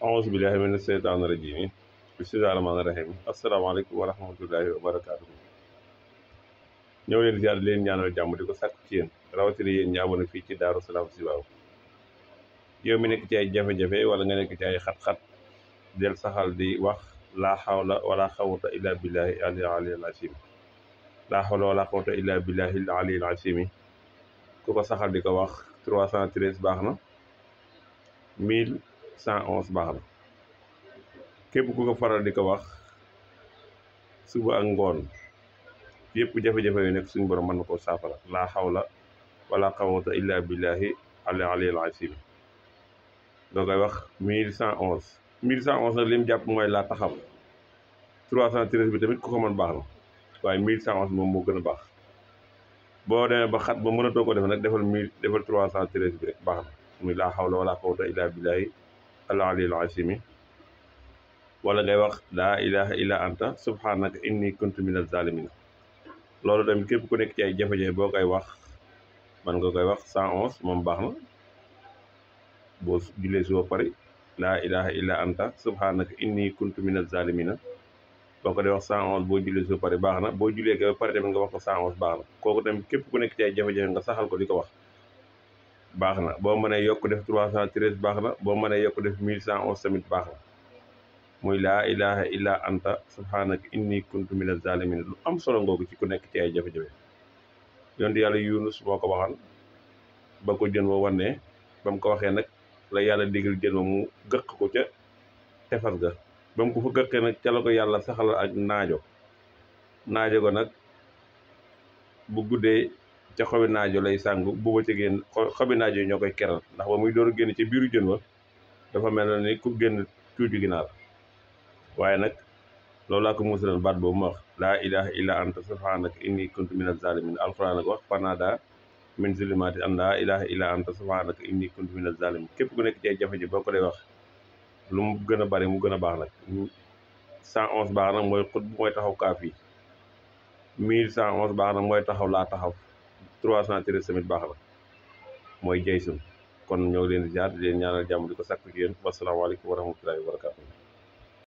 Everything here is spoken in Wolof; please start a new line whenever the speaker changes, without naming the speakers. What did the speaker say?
auzu billahi mina seytaani rajiim bismillahi rahmaani rahiim asalaamaaleykum wa rahmatullahi wa barakaatuhu ñëw leen ziar leen ñaanal jàmm di ko sàkk ci yéen fii ci Daaru Salaam si waaw yow mi nekk ci ay jafe-jafe wala nga nekk ci ay xat-xat del saxal di wax laa xawla wala xawata illa billahi aliyil asiim laa xawla wala xawata ko saxal di ko wax 313 baax na cent onze baax na képp ku ko faral di ko wax suba ak ngoon yëpp jafe-jafe yu nekk suñu borom mën na koo saafara laa xawla wala qawwata illa billahi ali aliyil azim doo koy wax mille cent onze mille cent onze nag li mu jàpp mooy laa taxaw trois cent treize bi tamit ku ko mën baax na waaye mille cent onze moom moo gën a baax boo demee ba xat ba mënatoo ko def nag defal mille defal trois cent treize bi rek baax na muy laa xawla wala qawwata illa billahi al-ali al-azimi wala ngay wax laa ilaha illa anta subhanaka inni kuntu minaz zalimin loolu tamit képp ku nekk ci ay jafe-jafe boo koy wax man nga koy wax 111 moom baax na boo jullee si ba pare laa ilaha illa anta subhanaka inni kuntu minaz zalimina boo ko dee wax 111 boo jullee si ba pare baax na boo jullee ba pare tamit nga wax ko 111 baax na kooku tamit képp ku nekk ci ay jafe-jafe nga saxal ko di ko wax baax na boo mënee yokk def trois cent treize baax na boo mënee yokk def mille cent onze tamit baax na muy laa ilaha illa anta subhanaka inni kuntu mina zalimin lu am solo ngoogu ci ku nekk ci ay jafe-jafe yonent yàlla yunus moo ko waxan ba ko jën wa wannee ba mu ko waxee nag la yàlla digal jën wa mu gëq ko ca tefas ga ba mu ko fa gëqee nag ca la ko yàlla saxalal ak naajo naajo ko nag bu guddee ca xobi naajo lay sangu bu bëccëgee xobi naajo ñoo koy keral ndax ba muy door a génn ci biiru jën wa dafa mel na ni ku génn tuuti ginaar waaye nag loolu laa ko musalan baat boobu ma wax laa ilaha illa anta subhanaka inni kuntu minaz zalimin alquran ak wax panada min zulumati an laa ilaha illa anta subhanaka inni kuntu zalimin képp ku nekk ci ay ji boo ko lay wax lu mu gën a bari mu gën a baax nag cent onze baax nag mooy xut mooy taxaw kaaf mille cent onze baax nag mooy taxaw laa taxaw trois cent treize tamit baax na mooy jay sun kon ñoo leen di jaar di leen ñaanal jàmm di ko sàkk yéen wasalaamaaleykum wa rahmatullahi wa barakatu